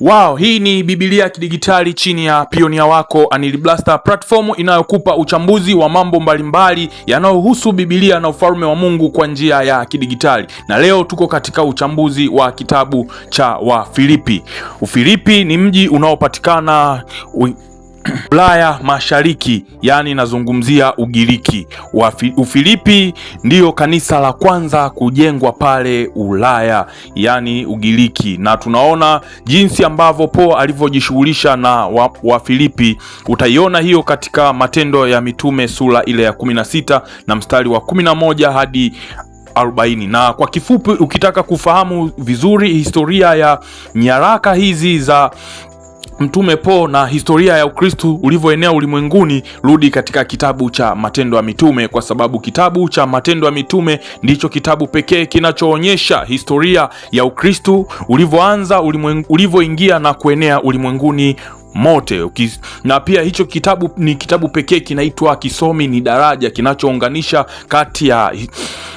Wow, hii ni Biblia ya kidigitali chini ya pionia wako Anil Blaster, platform inayokupa uchambuzi wa mambo mbalimbali yanayohusu Biblia na ufalme wa Mungu kwa njia ya kidigitali. Na leo tuko katika uchambuzi wa kitabu cha Wafilipi. Ufilipi ni mji unaopatikana Ulaya Mashariki, yaani nazungumzia Ugiriki. Ufilipi ndiyo kanisa la kwanza kujengwa pale Ulaya, yaani Ugiriki, na tunaona jinsi ambavyo po alivyojishughulisha na Wafilipi wa utaiona hiyo katika Matendo ya Mitume sura ile ya 16 na mstari wa 11 hadi 40. Na kwa kifupi, ukitaka kufahamu vizuri historia ya nyaraka hizi za Mtume Po na historia ya Ukristu ulivyoenea ulimwenguni, rudi katika kitabu cha Matendo ya Mitume, kwa sababu kitabu cha Matendo ya Mitume ndicho kitabu pekee kinachoonyesha historia ya Ukristu ulivyoanza, ulivyoingia na kuenea ulimwenguni mote na pia hicho kitabu ni kitabu pekee kinaitwa Kisomi ni Daraja, kinachounganisha kati ya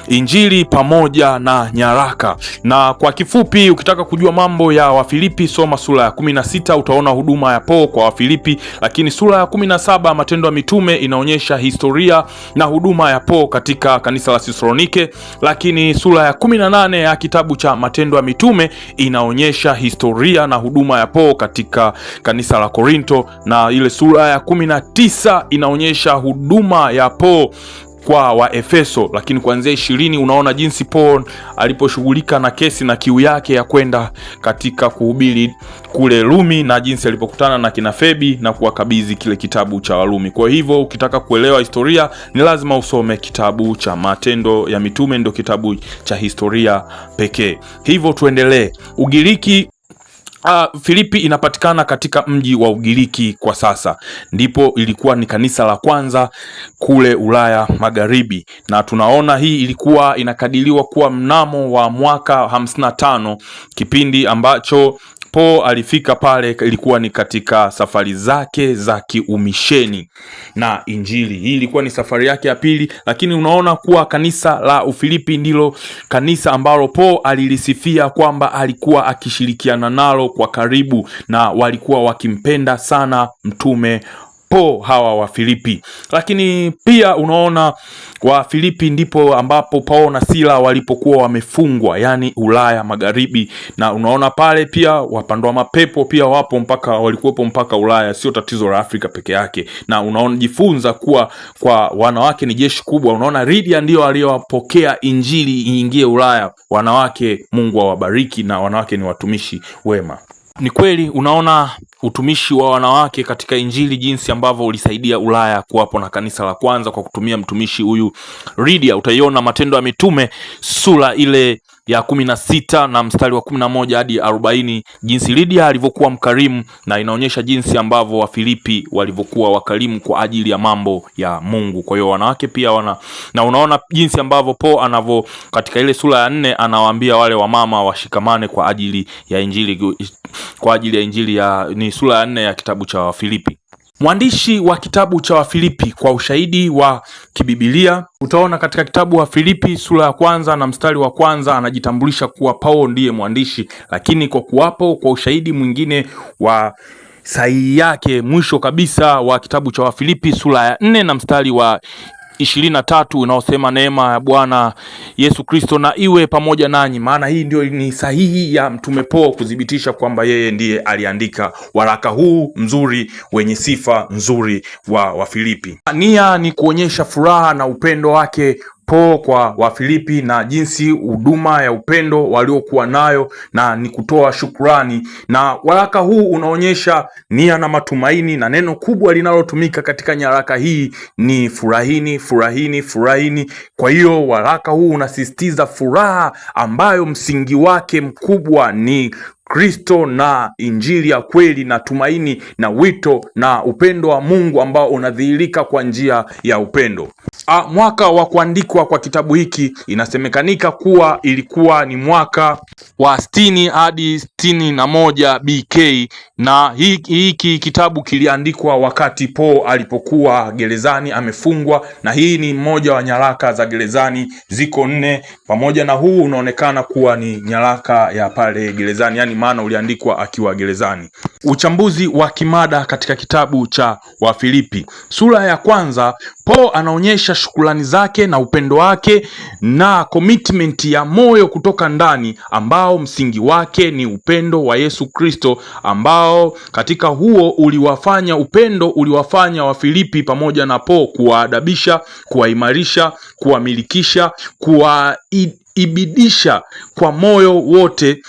Injili pamoja na nyaraka. Na kwa kifupi, ukitaka kujua mambo ya Wafilipi soma sura ya 16, utaona huduma ya Paulo kwa Wafilipi, lakini sura ya 17 Matendo ya Mitume inaonyesha historia na huduma ya Paulo katika kanisa la Thessalonike, lakini sura ya 18 ya kitabu cha Matendo ya Mitume inaonyesha historia na huduma ya Paulo katika kanisa la Korinto, na ile sura ya 19 inaonyesha huduma ya Paulo kwa Waefeso, lakini kuanzia ishirini unaona jinsi Paul aliposhughulika na kesi na kiu yake ya kwenda katika kuhubiri kule Rumi na jinsi alipokutana na kina Febi na kuwakabidhi kile kitabu cha Warumi. Kwa hivyo ukitaka kuelewa historia ni lazima usome kitabu cha Matendo ya Mitume, ndio kitabu cha historia pekee. Hivyo tuendelee. Ugiriki Uh, Filipi inapatikana katika mji wa Ugiriki kwa sasa, ndipo ilikuwa ni kanisa la kwanza kule Ulaya Magharibi, na tunaona hii ilikuwa inakadiriwa kuwa mnamo wa mwaka hamsini na tano, kipindi ambacho Paul alifika pale, ilikuwa ni katika safari zake za kiumisheni na injili. Hii ilikuwa ni safari yake ya pili, lakini unaona kuwa kanisa la Ufilipi ndilo kanisa ambalo Paul alilisifia kwamba alikuwa akishirikiana nalo kwa karibu na walikuwa wakimpenda sana mtume po hawa Wafilipi. Lakini pia unaona Wafilipi ndipo ambapo Paulo na Sila walipokuwa wamefungwa, yaani Ulaya Magharibi, na unaona pale pia wapandwa mapepo pia wapo mpaka walikuwepo mpaka Ulaya, sio tatizo la Afrika peke yake. Na unaona jifunza kuwa kwa wanawake ni jeshi kubwa. Unaona Lidia ndio aliyowapokea Injili iingie Ulaya. Wanawake, Mungu awabariki, na wanawake ni watumishi wema. Ni kweli unaona utumishi wa wanawake katika Injili jinsi ambavyo ulisaidia Ulaya kuwapo na kanisa la kwanza kwa kutumia mtumishi huyu Lidia. Utaiona Matendo ya Mitume sura ile ya kumi na sita na mstari wa kumi na moja hadi arobaini jinsi Lidia alivyokuwa mkarimu na inaonyesha jinsi ambavyo Wafilipi walivyokuwa wakarimu kwa ajili ya mambo ya Mungu. Kwa hiyo wanawake pia wana na unaona jinsi ambavyo po anavyo katika ile sura ya nne anawaambia wale wamama washikamane kwa ajili ya injili, kwa ajili ya injili ya ni sura ya nne ya kitabu cha Wafilipi. Mwandishi wa kitabu cha Wafilipi kwa ushahidi wa kibibilia utaona katika kitabu wa Filipi sura ya kwanza na mstari wa kwanza anajitambulisha kuwa Paulo ndiye mwandishi, lakini kwa kuwapo kwa ushahidi mwingine wa sahihi yake mwisho kabisa wa kitabu cha Wafilipi sura ya nne na mstari wa ishirini na tatu unaosema neema ya Bwana Yesu Kristo na iwe pamoja nanyi. Maana hii ndio ni sahihi ya Mtume Paulo kuthibitisha kwamba yeye ndiye aliandika waraka huu mzuri wenye sifa nzuri wa Wafilipi. Nia ni kuonyesha furaha na upendo wake Paulo kwa Wafilipi na jinsi huduma ya upendo waliokuwa nayo na ni kutoa shukurani, na waraka huu unaonyesha nia na matumaini, na neno kubwa linalotumika katika nyaraka hii ni furahini, furahini, furahini. Kwa hiyo waraka huu unasisitiza furaha ambayo msingi wake mkubwa ni Kristo na injili ya kweli na tumaini na wito na upendo wa Mungu ambao unadhihirika kwa njia ya upendo. A, ah, mwaka wa kuandikwa kwa kitabu hiki inasemekanika kuwa ilikuwa ni mwaka wa sitini hadi sitini na moja BK na hiki, hiki kitabu kiliandikwa wakati Paul alipokuwa gerezani amefungwa, na hii ni mmoja wa nyaraka za gerezani, ziko nne, pamoja na huu unaonekana kuwa ni nyaraka ya pale gerezani yani gani maana uliandikwa akiwa gerezani. Uchambuzi wa kimada katika kitabu cha Wafilipi sura ya kwanza, Paul anaonyesha shukrani zake na upendo wake na commitment ya moyo kutoka ndani, ambao msingi wake ni upendo wa Yesu Kristo, ambao katika huo uliwafanya upendo uliwafanya Wafilipi pamoja na Paul kuwaadabisha, kuwaimarisha, kuwamilikisha, kuwa ibidisha kwa moyo wote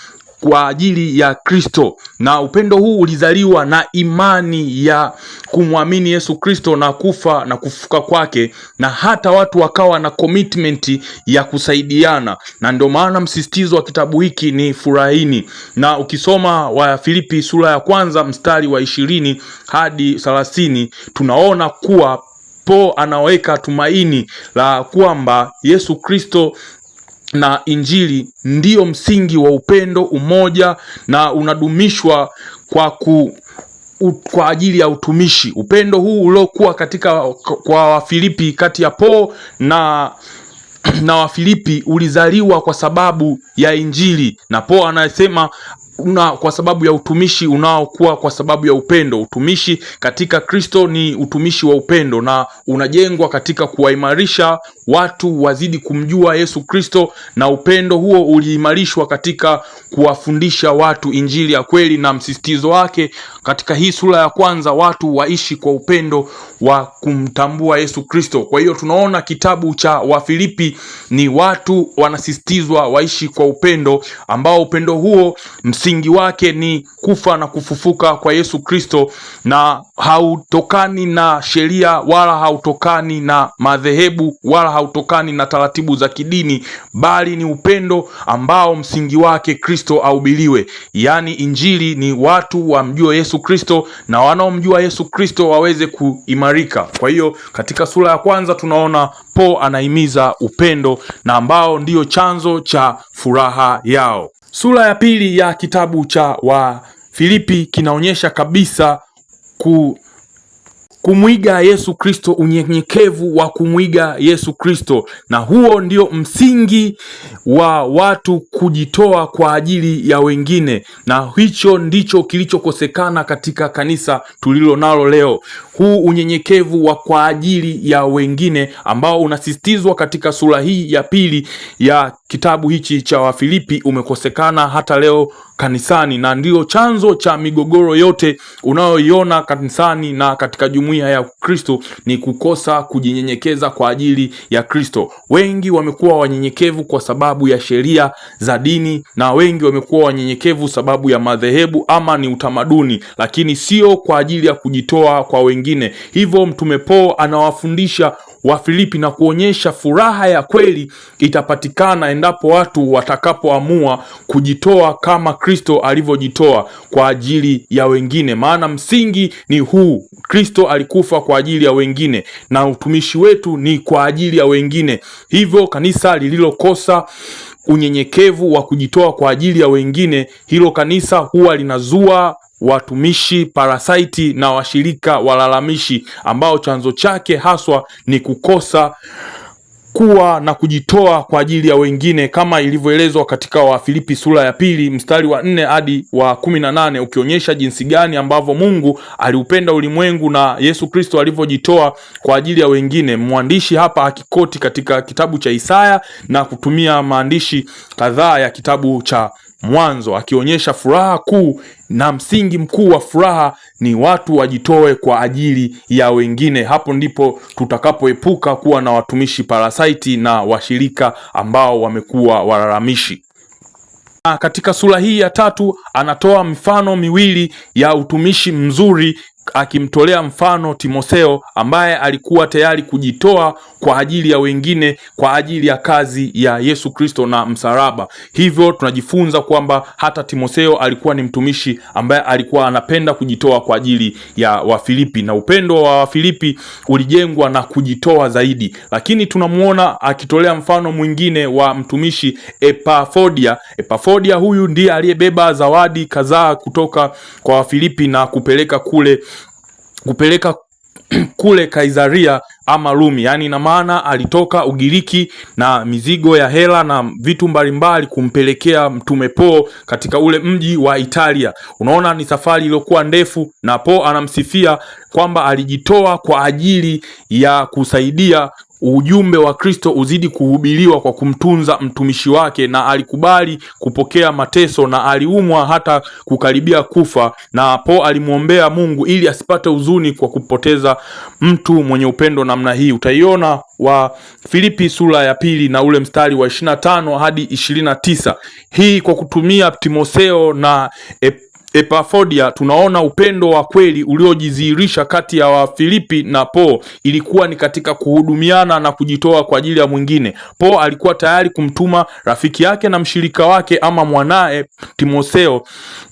kwa ajili ya Kristo, na upendo huu ulizaliwa na imani ya kumwamini Yesu Kristo na kufa na kufuka kwake, na hata watu wakawa na commitment ya kusaidiana, na ndio maana msisitizo wa kitabu hiki ni furahini. Na ukisoma wa Filipi sura ya kwanza mstari wa ishirini hadi thelathini tunaona kuwa po anaweka tumaini la kwamba Yesu Kristo na Injili ndiyo msingi wa upendo, umoja na unadumishwa kwa ku U, kwa ajili ya utumishi. Upendo huu uliokuwa katika kwa Wafilipi kati ya Paul na na Wafilipi ulizaliwa kwa sababu ya Injili, na Paul anasema una kwa sababu ya utumishi unaokuwa kwa sababu ya upendo. Utumishi katika Kristo ni utumishi wa upendo na unajengwa katika kuwaimarisha watu wazidi kumjua Yesu Kristo, na upendo huo uliimarishwa katika kuwafundisha watu injili ya kweli, na msisitizo wake katika hii sura ya kwanza, watu waishi kwa upendo wa kumtambua Yesu Kristo. Kwa hiyo tunaona kitabu cha Wafilipi ni watu wanasisitizwa waishi kwa upendo ambao upendo huo msingi wake ni kufa na kufufuka kwa Yesu Kristo na hautokani na sheria wala hautokani na madhehebu wala hautokani na taratibu za kidini, bali ni upendo ambao msingi wake Kristo ahubiriwe. Yaani injili ni watu wamjue Yesu Kristo na wanaomjua Yesu Kristo waweze ku kuimarika. Kwa hiyo katika sura ya kwanza tunaona po anahimiza upendo na ambao ndiyo chanzo cha furaha yao. Sura ya pili ya kitabu cha Wafilipi kinaonyesha kabisa ku kumwiga Yesu Kristo, unyenyekevu wa kumwiga Yesu Kristo, na huo ndio msingi wa watu kujitoa kwa ajili ya wengine, na hicho ndicho kilichokosekana katika kanisa tulilo nalo leo. Huu unyenyekevu wa kwa ajili ya wengine ambao unasisitizwa katika sura hii ya pili ya kitabu hichi cha Wafilipi umekosekana hata leo kanisani, na ndio chanzo cha migogoro yote unayoiona kanisani na katika jumuiya jumuiya ya Kristo ni kukosa kujinyenyekeza kwa ajili ya Kristo. Wengi wamekuwa wanyenyekevu kwa sababu ya sheria za dini, na wengi wamekuwa wanyenyekevu sababu ya madhehebu ama ni utamaduni, lakini sio kwa ajili ya kujitoa kwa wengine. Hivyo mtume Paulo anawafundisha wa Filipi na kuonyesha furaha ya kweli itapatikana endapo watu watakapoamua kujitoa kama Kristo alivyojitoa kwa ajili ya wengine. Maana msingi ni huu, Kristo alikufa kwa ajili ya wengine na utumishi wetu ni kwa ajili ya wengine. Hivyo kanisa lililokosa unyenyekevu wa kujitoa kwa ajili ya wengine, hilo kanisa huwa linazua watumishi parasaiti na washirika walalamishi ambao chanzo chake haswa ni kukosa kuwa na kujitoa kwa ajili ya wengine kama ilivyoelezwa katika Wafilipi sura ya pili mstari wa nne hadi wa kumi na nane ukionyesha jinsi gani ambavyo Mungu aliupenda ulimwengu na Yesu Kristo alivyojitoa kwa ajili ya wengine. Mwandishi hapa akikoti katika kitabu cha Isaya na kutumia maandishi kadhaa ya kitabu cha mwanzo akionyesha furaha kuu na msingi mkuu wa furaha ni watu wajitoe kwa ajili ya wengine. Hapo ndipo tutakapoepuka kuwa na watumishi parasaiti na washirika ambao wamekuwa walalamishi. Katika sura hii ya tatu anatoa mifano miwili ya utumishi mzuri akimtolea mfano Timotheo ambaye alikuwa tayari kujitoa kwa ajili ya wengine kwa ajili ya kazi ya Yesu Kristo na msalaba. Hivyo tunajifunza kwamba hata Timotheo alikuwa ni mtumishi ambaye alikuwa anapenda kujitoa kwa ajili ya Wafilipi, na upendo wa Wafilipi ulijengwa na kujitoa zaidi. Lakini tunamwona akitolea mfano mwingine wa mtumishi Epafodia. Epafodia huyu ndiye aliyebeba zawadi kadhaa kutoka kwa Wafilipi na kupeleka kule kupeleka kule Kaisaria ama Rumi, yaani ina maana alitoka Ugiriki na mizigo ya hela na vitu mbalimbali kumpelekea mtume Po katika ule mji wa Italia. Unaona, ni safari iliyokuwa ndefu, na Po anamsifia kwamba alijitoa kwa ajili ya kusaidia ujumbe wa Kristo uzidi kuhubiriwa kwa kumtunza mtumishi wake, na alikubali kupokea mateso na aliumwa hata kukaribia kufa, na po alimwombea Mungu ili asipate huzuni kwa kupoteza mtu mwenye upendo namna hii. Utaiona wa Filipi sura ya pili na ule mstari wa 25 hadi 29, hii kwa kutumia Timotheo na Ep Epafodia tunaona upendo wa kweli uliojidhihirisha kati ya Wafilipi na Po Ilikuwa ni katika kuhudumiana na kujitoa kwa ajili ya mwingine. po alikuwa tayari kumtuma rafiki yake na mshirika wake ama mwanaye Timotheo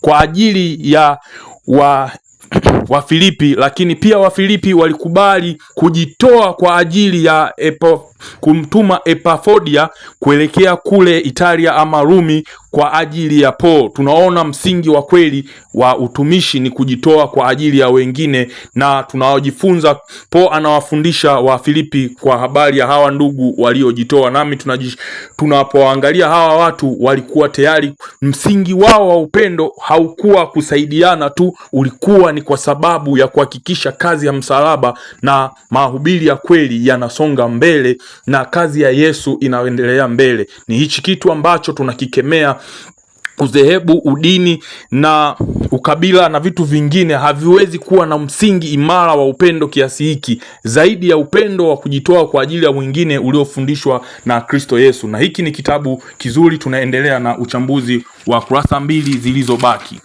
kwa ajili ya wa Wafilipi, lakini pia Wafilipi walikubali kujitoa kwa ajili ya epo, kumtuma Epafodia kuelekea kule Italia ama Rumi kwa ajili ya po Tunaona msingi wa kweli wa utumishi ni kujitoa kwa ajili ya wengine, na tunaojifunza po anawafundisha Wafilipi kwa habari ya hawa ndugu waliojitoa, nami tunapoangalia hawa watu walikuwa tayari, msingi wao wa upendo haukuwa kusaidiana tu, ulikuwa ni kwa sababu ya kuhakikisha kazi ya msalaba na mahubiri ya kweli yanasonga mbele na kazi ya Yesu inaendelea mbele. Ni hichi kitu ambacho tunakikemea udhehebu, udini na ukabila na vitu vingine haviwezi kuwa na msingi imara wa upendo kiasi hiki zaidi ya upendo wa kujitoa kwa ajili ya mwingine uliofundishwa na Kristo Yesu. Na hiki ni kitabu kizuri. Tunaendelea na uchambuzi wa kurasa mbili zilizobaki.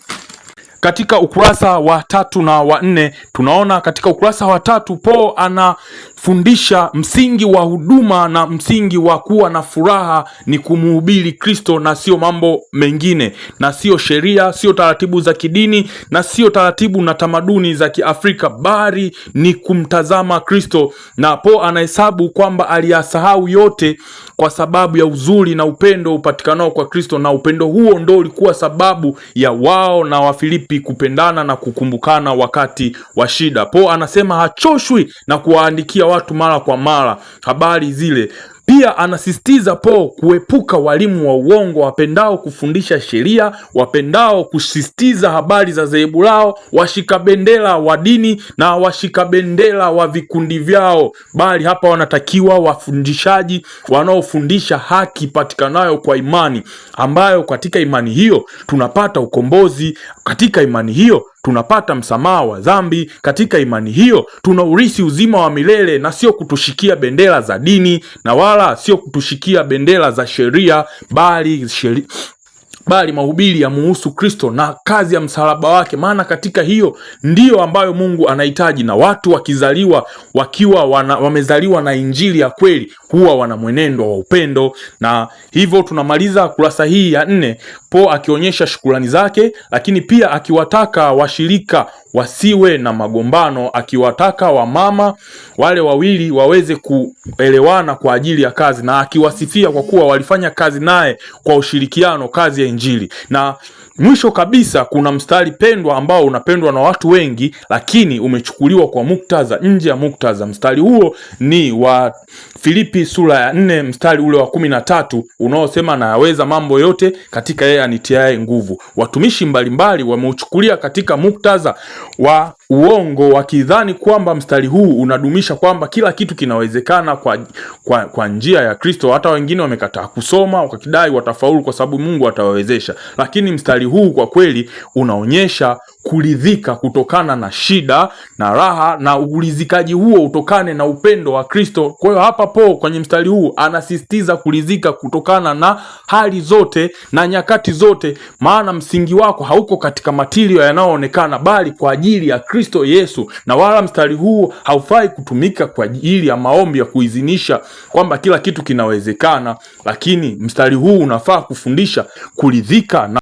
Katika ukurasa wa tatu na wa nne tunaona, katika ukurasa wa tatu Paul ana fundisha msingi wa huduma na msingi wa kuwa na furaha ni kumuhubiri Kristo na sio mambo mengine, na sio sheria, sio taratibu za kidini, na sio taratibu na tamaduni za Kiafrika, bali ni kumtazama Kristo. Na po anahesabu kwamba aliyasahau yote kwa sababu ya uzuri na upendo upatikanao kwa Kristo, na upendo huo ndo ulikuwa sababu ya wao na Wafilipi kupendana na kukumbukana wakati wa shida. Po anasema hachoshwi na kuwaandikia watu mara kwa mara habari zile. Pia anasisitiza Paul kuepuka walimu wa uongo wapendao kufundisha sheria, wapendao kusisitiza habari za dhehebu lao, washika bendera wa dini na washika bendera wa vikundi vyao, bali hapa wanatakiwa wafundishaji wanaofundisha haki patikanayo kwa imani, ambayo katika imani hiyo tunapata ukombozi, katika imani hiyo tunapata msamaha wa dhambi. Katika imani hiyo tuna urithi uzima wa milele, na sio kutushikia bendera za dini na wala sio kutushikia bendera za sheria, bali sheri bali mahubiri muhusu Kristo na kazi ya msalaba wake, maana katika hiyo ndiyo ambayo Mungu anahitaji. Na watu wakizaliwa wakiwa wana, wamezaliwa na injili ya kweli, kuwa wana mwenendo wa upendo. Na hivyo tunamaliza kurasa hii ya nne, Po akionyesha shukrani zake, lakini pia akiwataka washirika wasiwe na magombano, akiwataka wamama wale wawili waweze kuelewana kwa ajili ya kazi, na akiwasifia kwa kuwa walifanya kazi naye kwa ushirikiano, kazi ya Injili na Mwisho kabisa kuna mstari pendwa ambao unapendwa na watu wengi, lakini umechukuliwa kwa muktadha nje ya muktadha. Mstari huo ni wa Filipi sura ya nne mstari ule wa kumi na tatu unaosema nayaweza mambo yote katika yeye anitiaye nguvu. Watumishi mbalimbali wameuchukulia katika muktadha wa uongo wakidhani kwamba mstari huu unadumisha kwamba kila kitu kinawezekana kwa, kwa, kwa njia ya Kristo. Hata wengine wamekataa kusoma wakidai watafaulu kwa sababu Mungu atawawezesha, lakini mstari huu kwa kweli unaonyesha kuridhika kutokana na shida na raha, na uridhikaji huo utokane na upendo wa Kristo. Kwa hiyo hapa po kwenye mstari huu anasisitiza kuridhika kutokana na hali zote na nyakati zote, maana msingi wako hauko katika matirio yanayoonekana, bali kwa ajili ya Kristo Yesu, na wala mstari huu haufai kutumika kwa ajili ya maombi ya kuidhinisha kwamba kila kitu kinawezekana, lakini mstari huu unafaa kufundisha kuridhika na